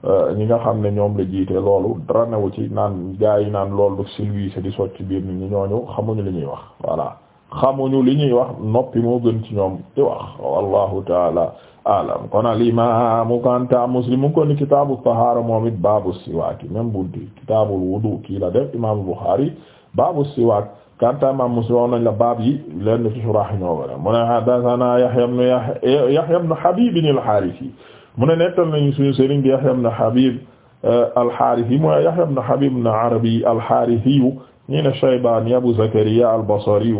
euh, ñi nga xam ne ñoom la jiite loolu dara newu ci naan gaa yi naan lool du silvii di socc biir nit ñi ñooñu xamuñu li ñuy wax voilà xamuñu li ñuy wax noppi moo gën ci ñoom di wax wallahu taala alam kon al imamu kanta muslim mu ko ni kitabu tahara moom it babu siwaaki même bunti kitabul wudu kii la def imam Bukhari babu siwaak kanta imam muslim wax nañ la baab yi leen ci surah ñoo wara mu ne hadathana yahya ibn yahya ibn habib al harisi mu ne nettal nañu suñu sëriñ bi yahya ibn habib eh, al harisi mooy yahya ibn habib ibn arabi al harisi ñi ne shaybani abu zakariya al basri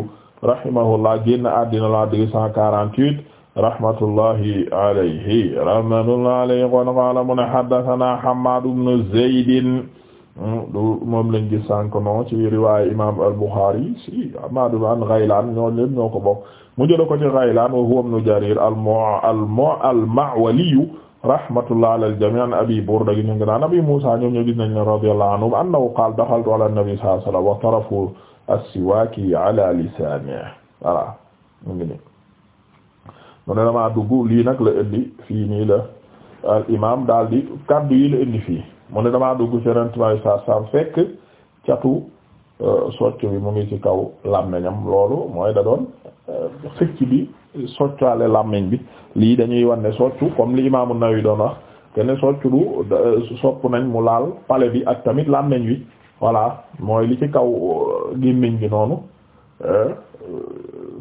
rahimahullah génn àddina la 248 rahmatullahi alayhi rahmatullahi alayhi kon qaala mu ne haddathana Hammad ibn Zayd du moom lañ gis sànq non ci riwaaya imam al-Bukhari si Hammad an Ghaylan ñoo leen ñoo ko bokk mu jël ko ci Ghaylan wa huwa ibn Jarir al-Ma'wali rahmatullah ala al-jami' an Abi Burda gi ñu ngi naan Abi Musa ñoom ñoo gis nañ ne radiyallahu anhu annahu qaala daxaltu ala an-nabi sallallahu alayhi wa sallam wa tarafu as-siwaaki ala lisaanihi mu ngi nii mu ne dama dugg lii nag la indi fii nii la al imaam daal di yi la indi fii mu ne damaa dugg ci Yonent bi saa saam fekk catu euh, socc bi mu ngi ci kaw làmmiñam loolu mooy da doon fecc euh, bi soccaale làmmiñ bi lii dañuy wan ne soccu comme li imaamu Nawawi doon wax te soccu du euh, sopp nañ mu laal pale bi ak tamit làmmiñ wi voilà mooy li ci kaw euh, gémmiñ gi noonu euh,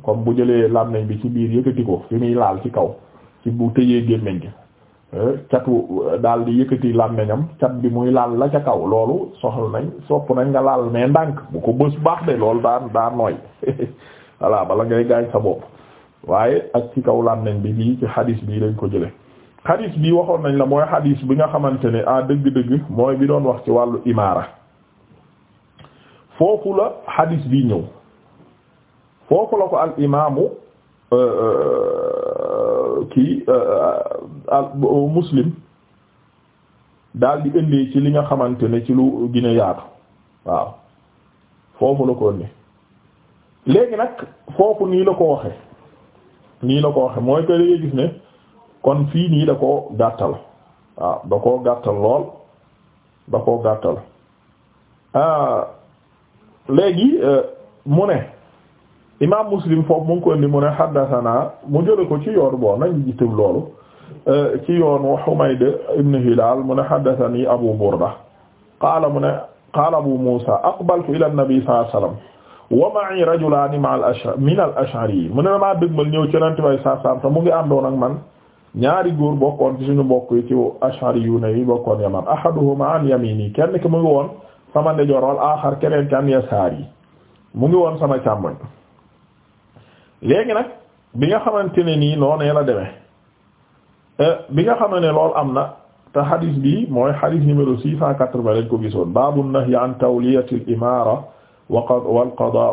comme bu jëlee làmmiñ bi ci biir yëkkati ko fi muy laal ci kaw ci bu tëjee gémmiñ gi euh, catu daal di yëkkati làmmiñam cat bi muy laal la ca kaw loolu soxla nañ sopp nañ nga laal mais ndànk bu ko bës baax de lool daan daan nooy voilà bala ngay gaañ sa bopp waaye ak ci kaw làmmiñ bi bii ci xadis bii lañ ko jële xadis bi waxoon nañ la mooy xadis bi nga xamante ne ah dëgg-dëgg mooy bi doon wax ci wàllu imaara foofu la hadis bi ñëw foofu la ko al imaamu euh, euh, kii euh, al muslim daal di indi ci li nga xamante ne ci lu gën yaatu waaw foofu la ko indi léegi nag foofu nii la ko waxe nii la ko waxe mooy que léegi gis ne kon fii nii da koo gàttal waaw da koo gàttal lool da koo gàttal ah, léegi euh, mu ne imaam muslim foofu mu ngi ko indi mu ne haddathana mu jële ko ci yoon boo nañ itam loolu euh, ci yoon yoonu Humayd ibn Hilal mu ne haddathani Abu Burda qaala mu ne qaala Abu Musa aqbaltu ila an-nabi sallallahu alayhi wasallam wa ma'i rajulaani ma'a al-ash'ari min al-ash'ari mu ne damaa dëgmal ñëw ci Yonent bi sallallahu alayhi wasallam mu ngi àndoon man ñaari góor bokkoon ci suñu mbokk yi ci ash'ari yu ne yi bokkoon Yaman ahaduhuma an yamini kenn mu ngi woon sama ndejoor wal aaxar keneen kan yasaar mu ngi woon sama càmmoñ léegi nag bi nga xamante ne nii noonee la demee eh, bi nga xam ne lool am na te xadis bi mooy xadis numéro six cent quatre-vingt lañ ko gisoon baabu an tawliyati al imara wal qadaa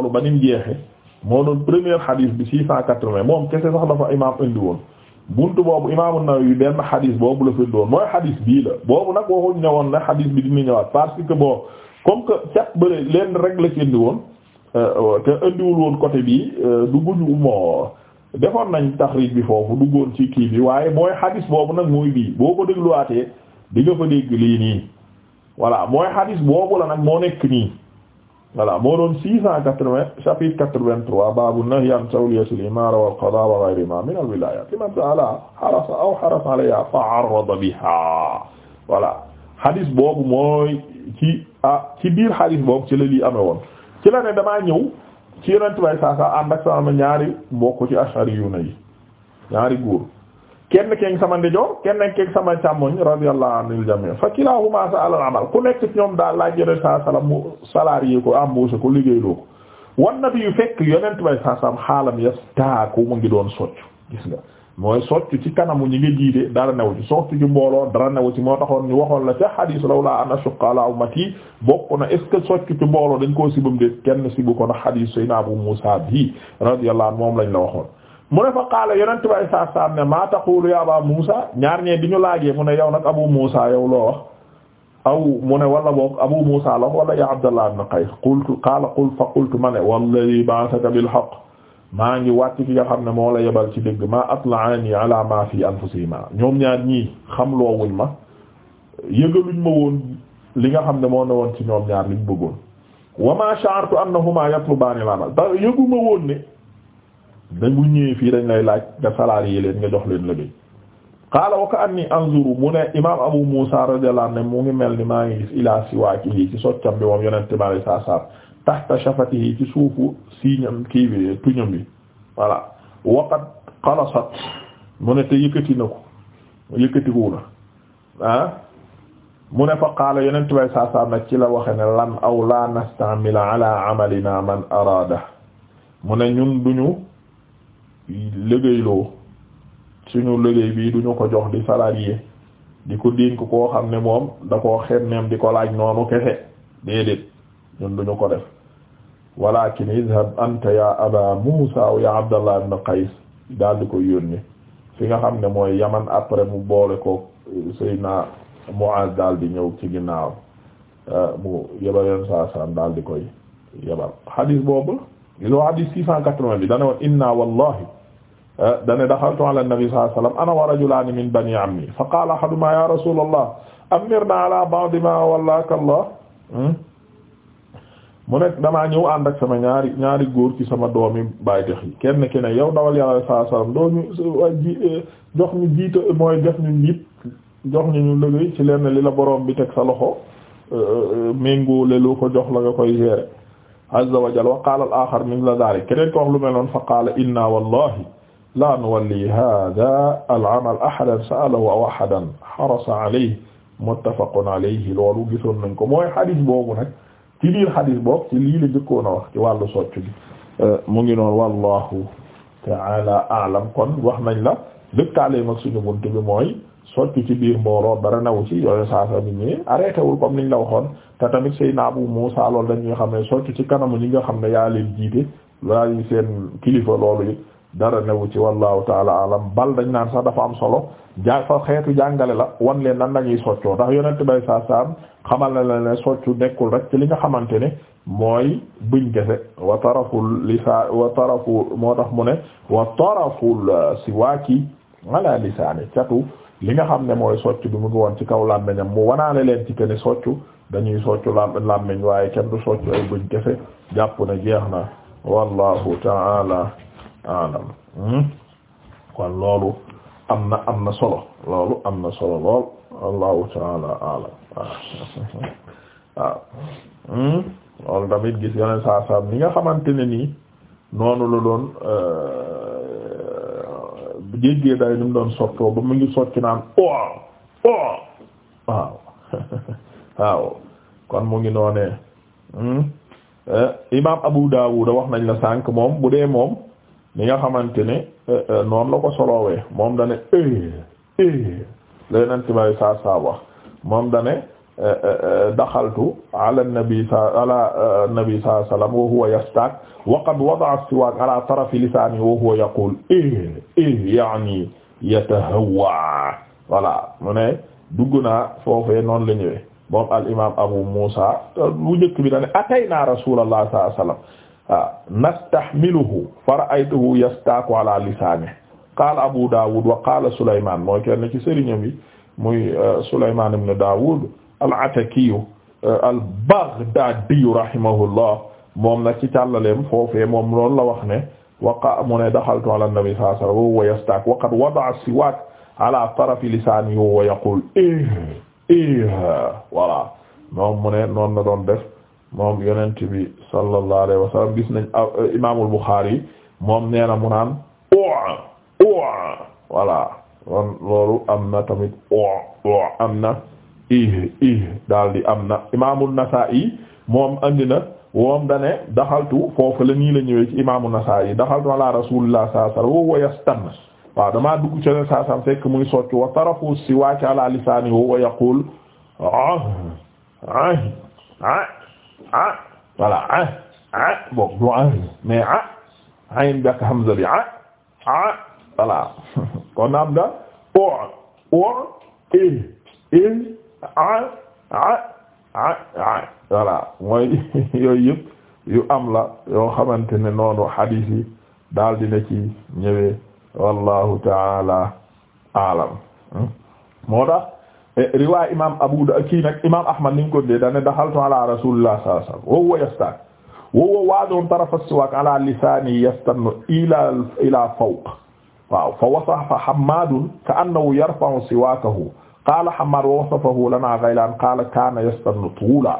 wa ba nim jeexe moo doon xadis bi six cent moom kese sax la fa imam indi woon buntu boobu imaamu Nawawi benn xadis boobu la fi doon mooy xadis bii la boobu nag waxuñ ne woon na xadis bi dina ñëwaat parce que boo comme que cat bële leen rek la ci di woon euh, te indiwul woon côté bii euh, du guñu moo defoon nañ taxriij bi foofu duggoon ci kii bi waaye mooy xadis boobu nag mooy bii boo ko dégluwaatee di nga fa dégg lii nii voilà mooy xadis boobu la nag moo nekk nii voilà moo doon six cent quatre-vingt chapitre quatre-vingt-trois baabu nahyi an sawliyatil imaara wal qadaa wa ghayrihimaa min al wilaayaat liman sa'alahaa harasa aw harasa alayhaa fa'arrada bihaa voilà hadis boobu mooy ci ah ci biir hadis boobu ci la lii amee woon ci la ne damaa ñëw ci yonent bay saa saa ànd ak sama ñaari mbokk ci ashari yu na yi ñaari góor kenn keeg sama ndijoor kenn keeg sama càmmoñ radiyallahu anil jami' fa kilahuma sa'ala al-amal ku nekk ñoom daal laa yore saa salaam mu salarié ko embauché ko loo ko wan na bi yu fekk yonent bay saa salaam xaalam yastaaku mu ngi doon soccu gis nga mooy soccu ci kanamu ñi nga jiite dara newu ci soccu ci mbooloo dara new ci moo taxoon ñu waxoon la ca hadis lawla an ashqa ala ummati bokk na est ce que soccu ci mbooloo dañ koo sibam déet kenn sibu ko na hadis sayna Abu Musa bi radiyallahu anhu moom lañ la waxoon mu ne fa qaala yonent bay saa saam ne maa taqulu ya aba Muusa ñaar ñee di ñu laajee mu ne yow nag Abu Muusa yaw loo wax aw mu ne wala boog Abu Muusa la wala ya Abdallah ibn Qays qultu qaala qul fa qultu ma ne walladhi ba'athaka bil haqq maa ngi wàcc ki nga xam ne moo la yebal ci dëgg ma atla'ani ala ma fi anfusihima ñoom ñaar ñii xam loo wuñ ma yëgaluñ ma woon li nga xam ne moo ne woon ci ñoom ñaar liñ bëggoon wa ma sha'artu annahuma yatlubaani al-amal dañ bu ñëwee fii dañ lay laaj nga salarié leen nga jox leen liggéey qaala wa ka anni anzuru mu ne imaam Abu Musa radiyallahu anhu mu ngi mel ni maa ngi gis ilaa siwaakihi ci soccam bi moom yonent bari saa saam tahta ci suufu siiñam kii bi tuñam bi voilà wa qad qalasat mu ne te yëkkati na ko yëkkati ko na ah? mu ne fa qaala yonent bari saa saam ci la waxe ne lan aw la nastamila ala amalina man araada mu ne ñun duñu liggéeyloo suñu liggéey bi duñu ko jox di salarié di ko dénk koo xam ne moom da koo xenneem di ko laaj noonu kese déedéet ñun duñu ko def walakin idhab anta ya aba musa aw ya abdallah ibn qais daal di ko yónni fi nga xam ne mooy yaman après mu boole ko Seydina Muaz daal di ñëw ci ginnaaw euh, mu yebal yoon saa salaam daal di koy yebal hadis boobu gisoo hadis six quatre-vingt bi dana woon inna wallahi dane daxaltu ala nabi sallallahu alayhi wasallam ana wa rajulani min bani ammi fa qala ahaduhuma ya rasulallah amirna ala ba'di ma wallaka hmm? mu nekk damaa ñëw ànd ak sama ñaari ñaari góor ci sama doomi baay dex yi kenn ki ne yow dawal yàlla sallallahu alayhi wasallam eh, jox ñu ñu njiit ci lenn li la borom bi teg sa loxo eh, eh, méngoole lu ko jox la nga koy gérer azza wa jalla wa qala min la dalik keneen ko wax lu mel noonu fa qala inna wallahi laa nuwalli haaza al-amal ahadan sa'alahu aw ahadan harasa alayhi muttafaqun alayhi loolu gisoon nañ ko mooy xadis boobu nag ci biir xadis boobu ci lii la njëkkoon a wax wàllu socc gi mu ngi noonu wallahu ta'ala a'lam kon wax nañ la lëkkaale mag suñu bunt bi mooy socc ci biir mbooloo dara nawu ci yooyu saasa bi ñi arrêté wul comme niñ la waxoon te tamit Seydina Abu Muusa loolu dañuy xam ne socc ci kanamu ñi nga xam ne yaa leen jiite yaa seen kilifa loolu it dara newu ci wallahu taala alam bal dañ naan sax dafa am solo jaa fa xeetu jàngale la wan leen nan lañuy soccoo ndax yonent bay saa saam xamal na la ne soccu nekkul rek ci li nga xamante ne mooy buñ gese wa taraful lisa wa tarafu moo mu ne wa taraful siwaaki ala lisaani catu li nga xam ne mooy soccu bi mu ngi woon ci kaw làmmiñam mu wanaale leen ci kenn soccu dañuy soccu làmmiñ waaye kenn du soccu ay buñ gese jàpp na jeex na wallahu taala alam hmm? kon loolu am na am na solo loolu am na solo lool allahu taala alam waaw waaw hmm? loolu tamit gis yoneen saa saam ni nga xamante ne nii noonu la doon euh, géej day ni mu doon sottoo ba mu ngi socc naan o oh, oh. waaw waaw kon mu ngi noonee hmm? eh, imaam Abu Dawud wax nañ la sànq moom bu dee moom mi nga xamante ne eh, eh, noonu la ko solowee moom dane lay nanti may saa saa wax moom dane eh, daxaltu ala nabi sa ala nabi saa sallam wa huwa yastaak wa qad wada'a siwaak ala tarafi lisaani wa huwa yaqul yaani yatahawwa voilà mu ne dugg naa foofee noonu la ñëwee moom al imaam abu muusa bu njëkk bi dane atayna rasulallah sallallahu alayhi wasallam waaw ah, nastahmiluhu fa ra'aytuhu yastaaku ala lisaanihi qaala Abu Daawud wa qaala Souleymane mooy kenn ci sëriñam yi muy eh, Souleymane ibn Daawud al-Atakiyu eh, al-Baghdaadiyu rahimahullah moom nag ci tàllaleem foofee moom loolu la wax ne waqa mu ne daxaltu ala nabi sallallahu alayhi wa sallam wa huwa yastaak wa qad wada'a siwaak ala tarafi lisaanihi wa yaqul eh eh voilà moom mu ne noonu la doon def. moom yonent bi sallallahu alayhi wa sallam gis nañ euh, imaamul Bukhari moom nee na mu naan oa oa voilà loolu am na tamit oa oa am na ih ih daal di am na imaamul Nasa'i moom andi na woom dane daxaltu foofu la nii la ñëwee ci imaamu Nasa'i daxaltu ala rasulillah sallallahu alayhi wa sallam wa waaw damaa dugg ci leen saasam fekk muy socc wa tarafu siwaak ala lisaanihi wa yaqul ah ah, ah ah voilà ah ah bon du ah mais ah ayn bi ak hamza bi ah ah voilà kon am nga o o il il ah ah ah ah voilà mooy yooyu yëpp yu am la yoo xamante ne noonu hadith yi daal dina ci ñëwee wallahu taala alam hmm? moo riwaay imaam Abu kii nag imaam Ahmad ni mu ko dee daanaka daxaltu ala rasulillah sallallahu alayhi wasallam wa huwa yastan wa huwa waadun tarafa siwaak ala lisaani yastannu ila ila fawq waaw fa wasafa Hammaadun ka annahu yarfa'u siwaakahu qaala Hammaad wa wasafahu lana Ghaylaan qaala kaana yastannu tuula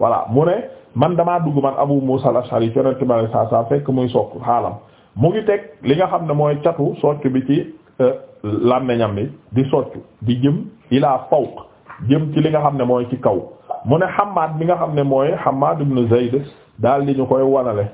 voilà mu ne man damaa dugg man Abu Muusa al-Ash'ari fekk muy sokk xaalam mu ngi teg li nga xam ne mooy catu socc bi ci. làmmeñam bi di soccu di jëm ilaa fawq jëm ci li nga xam ne mooy ci kaw mu ne Hammad bi nga xam ne mooy Hammad ibn Zayd daal di ñu koy wanale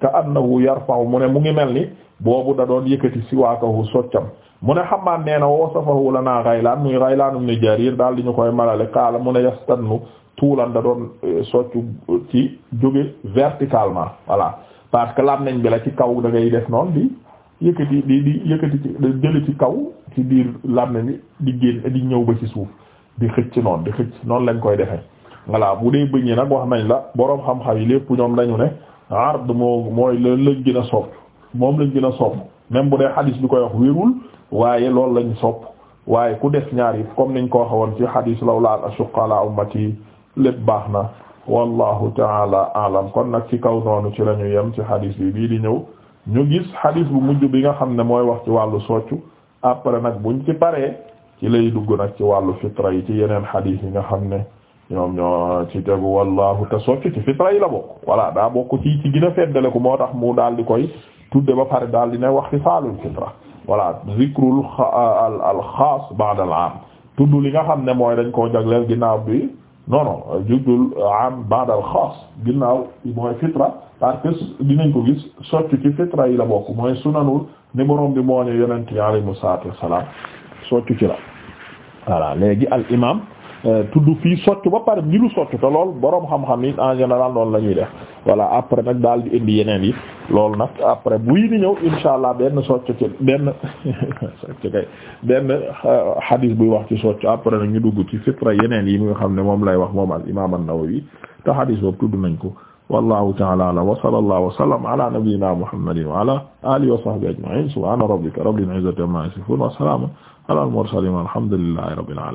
ka annahu yarfa'u mu ne mu ngi mel ni boobu da doon yëkkati siwaakahu soccam mu ne Hammad nee na la lanaa Ghaylaan muy Ghaylaan ibn Jarir daal di ñu koy malale kaala mu ne yastannu tuulan da doon eh, soccu ci jóge verticalement voilà parce que làmmeñ bi la ci kaw da ngay def noonu bi yëkkati di di yëkkati ci jële ci kaw ci biir làmme bi di génn di ñëw ba ci suuf di xëcc noonu di xëcc noonu lañ koy defee voilà bu dee bëñ yi nag wax nañ la boroom xam-xam yi lépp ñoom dañu ne ard moo mooy lañ gën a sopp moom lañ gën a sopp même bu dee xadis bi koy wax wérul waaye loolu lañ sopp waaye ku def ñaar yi comme niñ ko waxoon ci law lawla al ashqa ala ummati lépp baax na wallahu taala alam kon nag ci kaw noonu ci lañu yem ci xadis bi bii di ñëw ñu gis xadiis bu mujj bi nga xam ne mooy wax ci wàllu soccu après nag buñ ci paree ci lay dugg nag ci wàllu fitra yi ci yeneen xadiis yi nga xam ne ñoom ñoo ci tegu wallahu te soccu ci fitra yi la bokk voilà daa bokk ci ci gën feddale ko moo tax mu daal di koy tudde ba pare daal di ne wax fi faalul fitra voilà zikrul al al xaas ba'da al am li nga xam ne mooy dañ ko jagleel ginnaaw bi non non judul am ba'da al xaas ginnaaw mooy fitra parce que dinañ ko gis soccu ci fitra yi la bokk mooy sunanul ni borom bi moo ñu yonent yi alayhimu salaatu wassalaam soccu ci la voilà léegi al imam euh, tudd fii soccu ba pare mbiru soccu te lool borom xam-xam yi en général noonu la ñuy def voilà après nag daal di indi yeneen yi loolu nag après buy di ñëw insha allah benn soccu ci benn soccu kay benn euh, hadis buy wax ci soccu après nag ñu dugg ci fitra yeneen yi mi nga xam ne moom lay wax moom al imam an-Nawawi te hadis boobu nañ ko wallahu ta'ala a'lam wa sallallahu wa sallam ala nabiyyina muhammadin wa ala alihi wa sahbihi ajma'in subhana rabbika rabbil izzati amma yasifun wa salamun ala al mursalin walhamdulillahi rabbil alamin